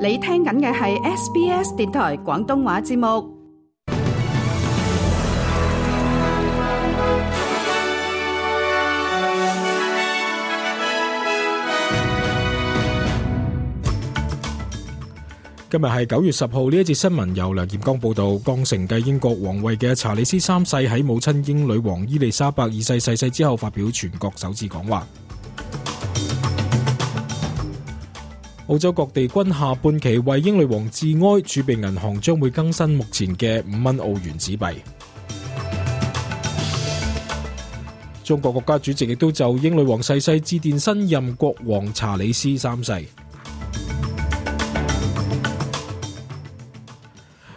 你聽緊嘅係 SBS 電台廣東話節目。今日係九月十號，呢一節新聞，由梁艷剛報道。剛承繼英國皇位嘅查理斯三世喺母親英女王伊麗莎白二世逝世之後，發表全國首次講話。澳洲各地均下半旗為英女王致哀，儲備銀行將會更新目前嘅五蚊澳元紙幣。中國國家主席亦都就英女王逝世致電新任國王查理斯三世。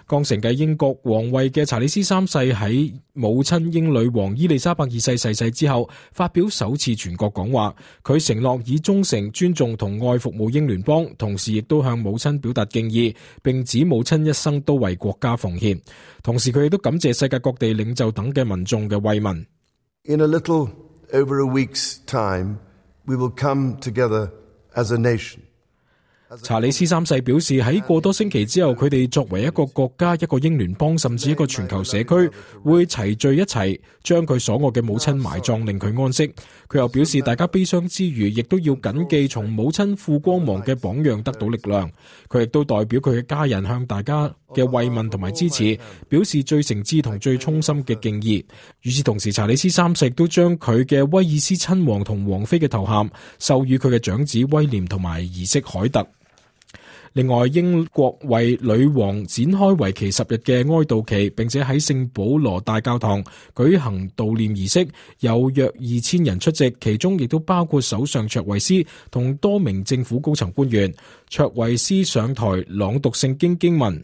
剛承繼英國王位嘅查理斯三世喺母親英女王伊麗莎白二世逝世之後，發表首次全國講話。佢承諾以忠誠、尊重同愛服務英聯邦，同時亦都向母親表達敬意，並指母親一生都為國家奉獻。同時佢亦都感謝世界各地領袖等嘅民眾嘅慰問。In a 查理斯三世表示喺個多星期之後，佢哋作為一個國家、一個英聯邦，甚至一個全球社區，會齊聚一齊，將佢所愛嘅母親埋葬，令佢安息。佢又表示，大家悲傷之餘，亦都要謹記從母親富光芒嘅榜樣得到力量。佢亦都代表佢嘅家人向大家嘅慰問同埋支持，表示最誠摯同最衷心嘅敬意。與此同時，查理斯三世都將佢嘅威爾斯親王同王妃嘅頭銜授予佢嘅長子威廉同埋兒媳凱特。另外，英國為女王展開為期十日嘅哀悼期，並且喺聖保羅大教堂舉行悼念儀式，有約二千人出席，其中亦都包括首相卓慧思同多名政府高層官員。卓慧思上台朗讀聖經經文。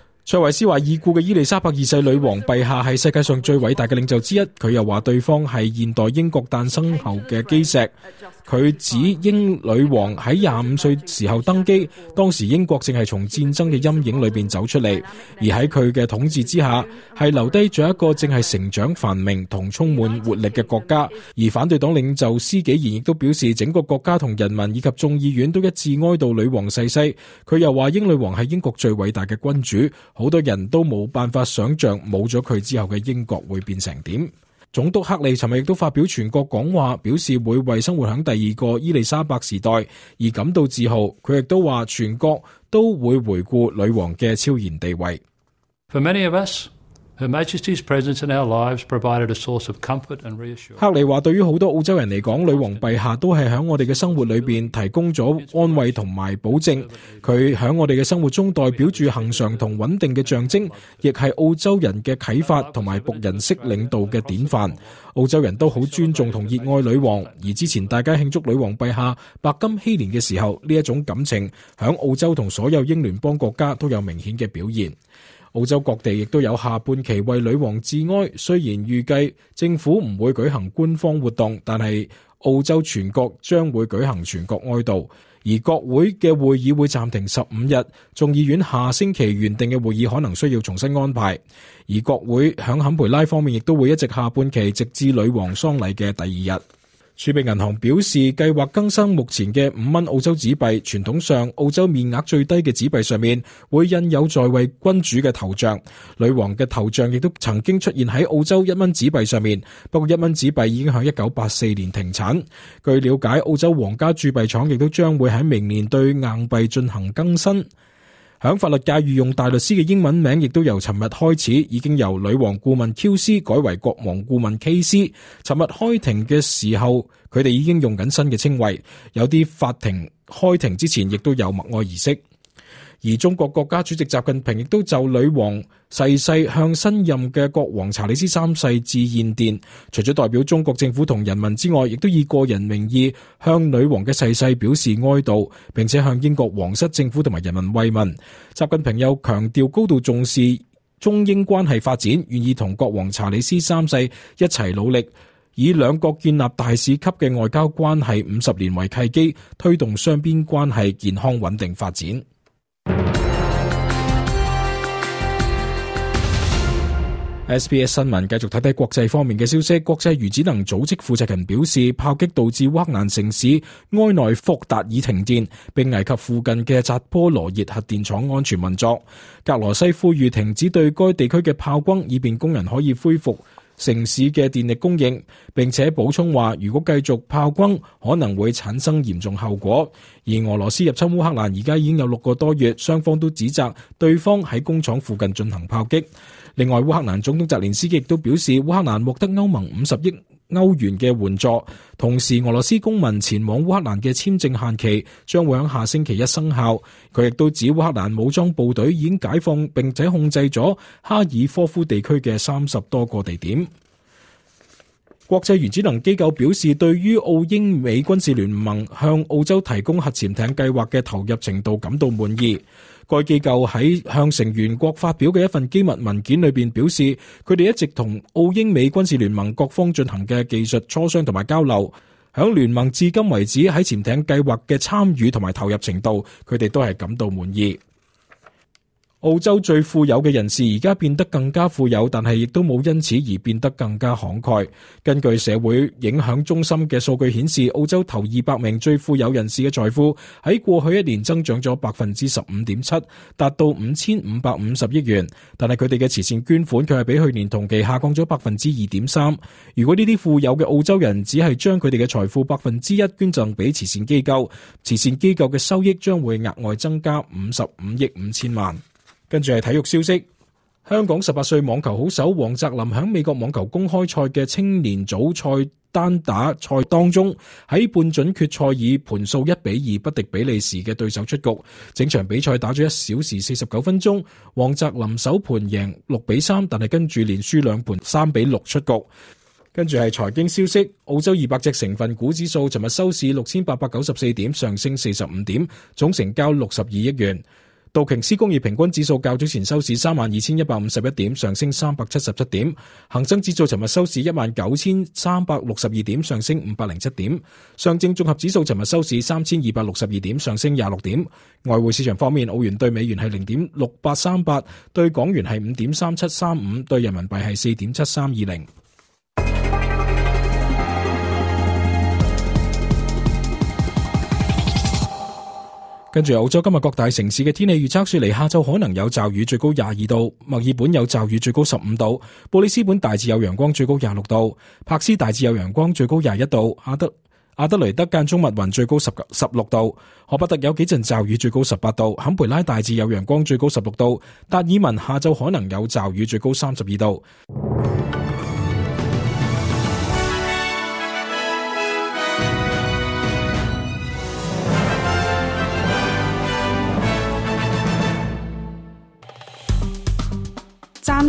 塞維斯話已故嘅伊麗莎白二世女王陛下係世界上最偉大嘅領袖之一，佢又話對方係現代英國誕生後嘅基石。佢指英女王喺廿五歲時候登基，當時英國正係從戰爭嘅陰影裏邊走出嚟，而喺佢嘅統治之下，係留低咗一個正係成長繁榮同充滿活力嘅國家。而反對黨領袖施紀賢亦都表示，整個國家同人民以及眾議院都一致哀悼女王逝世。佢又話英女王係英國最偉大嘅君主。好多人都冇辦法想象冇咗佢之後嘅英國會變成點。總督克利尋日亦都發表全國講話，表示會為生活喺第二個伊利沙伯時代而感到自豪。佢亦都話全國都會回顧女王嘅超然地位。For many of us. Her Majesty's presence in our lives provided a source of comfort and reassurance. 克里話：對於好多澳洲人嚟講，女王陛下都係喺我哋嘅生活裏邊提供咗安慰同埋保證。佢喺我哋嘅生活中代表住恒常同穩定嘅象徵，亦係澳洲人嘅啟發同埋僕人式領導嘅典範。澳洲人都好尊重同熱愛女王，而之前大家慶祝女王陛下白金禧年嘅時候，呢一種感情喺澳洲同所有英聯邦國家都有明顯嘅表現。澳洲各地亦都有下半旗為女王致哀，雖然預計政府唔會舉行官方活動，但係澳洲全國將會舉行全國哀悼，而國會嘅會議會暫停十五日，眾議院下星期原定嘅會議可能需要重新安排，而國會響坎培拉方面亦都會一直下半旗直至女王喪禮嘅第二日。儲備銀行表示，計劃更新目前嘅五蚊澳洲紙幣。傳統上，澳洲面額最低嘅紙幣上面會印有在位君主嘅頭像，女王嘅頭像亦都曾經出現喺澳洲一蚊紙幣上面。不過，一蚊紙幣已經喺一九八四年停產。據了解，澳洲皇家鑄幣廠亦都將會喺明年對硬幣進行更新。喺法律界，御用大律師嘅英文名，亦都由尋日開始，已經由女王顧問 QC 改為國王顧問 KC，尋日開庭嘅時候，佢哋已經用緊新嘅稱謂。有啲法庭開庭之前，亦都有默哀儀式。而中國國家主席習近平亦都就女王逝世向新任嘅國王查理斯三世致唁電，除咗代表中國政府同人民之外，亦都以個人名義向女王嘅逝世表示哀悼，並且向英國皇室、政府同埋人民慰問。習近平又強調高度重視中英關係發展，願意同國王查理斯三世一齊努力，以兩國建立大使級嘅外交關係五十年為契機，推動雙邊關係健康穩定發展。SBS 新聞繼續睇睇國際方面嘅消息。國際原子能組織負責人表示，炮擊導致烏克蘭城市埃內福達爾停電，並危及附近嘅扎波羅熱核電廠安全運作。格羅西呼籲停止對該地區嘅炮轟，以便工人可以恢復。城市嘅電力供應，並且補充話，如果繼續炮轟，可能會產生嚴重後果。而俄羅斯入侵烏克蘭而家已經有六個多月，雙方都指責對方喺工廠附近進行炮擊。另外，烏克蘭總統澤連斯基亦都表示，烏克蘭獲得歐盟五十億歐元嘅援助，同時俄羅斯公民前往烏克蘭嘅簽證限期將會喺下星期一生效。佢亦都指烏克蘭武裝部隊已經解放並且控制咗哈爾科夫地區嘅三十多個地點。國際原子能機構表示，對於澳英美軍事聯盟向澳洲提供核潛艇計劃嘅投入程度感到滿意。該機構喺向成員國發表嘅一份機密文件裏邊表示，佢哋一直同澳英美軍事聯盟各方進行嘅技術磋商同埋交流，響聯盟至今為止喺潛艇計劃嘅參與同埋投入程度，佢哋都係感到滿意。澳洲最富有嘅人士而家變得更加富有，但係亦都冇因此而變得更加慷慨。根據社會影響中心嘅數據顯示，澳洲頭二百名最富有人士嘅財富喺過去一年增長咗百分之十五點七，達到五千五百五十億元。但係佢哋嘅慈善捐款卻係比去年同期下降咗百分之二點三。如果呢啲富有嘅澳洲人只係將佢哋嘅財富百分之一捐贈俾慈善機構，慈善機構嘅收益將會額外增加五十五億五千萬。.跟住係體育消息，香港十八歲網球好手黃澤林響美國網球公開賽嘅青年組賽單打賽當中，喺半準決賽以盤數一比二不敵比利時嘅對手出局。整場比賽打咗一小時四十九分鐘，黃澤林首盤贏六比三，但係跟住連輸兩盤，三比六出局。跟住係財經消息，澳洲二百隻成分股指數尋日收市六千八百九十四點，上升四十五點，總成交六十二億元。道瓊斯工業平均指數較早前收市三萬二千一百五十一點，上升三百七十七點；恒生指數尋日收市一萬九千三百六十二點，上升五百零七點；上證綜合指數尋日收市三千二百六十二點，上升廿六點。外匯市場方面，澳元對美元係零點六八三八，對港元係五點三七三五，對人民幣係四點七三二零。跟住澳洲今日各大城市嘅天氣預測，雪梨下晝可能有驟雨，最高廿二度；墨爾本有驟雨，最高十五度；布里斯本大致有陽光，最高廿六度；柏斯大致有陽光，最高廿一度；阿德阿德雷德間中密雲，最高十十六度；荷伯特有幾陣驟雨，最高十八度；坎培拉大致有陽光，最高十六度；達爾文下晝可能有驟雨，最高三十二度。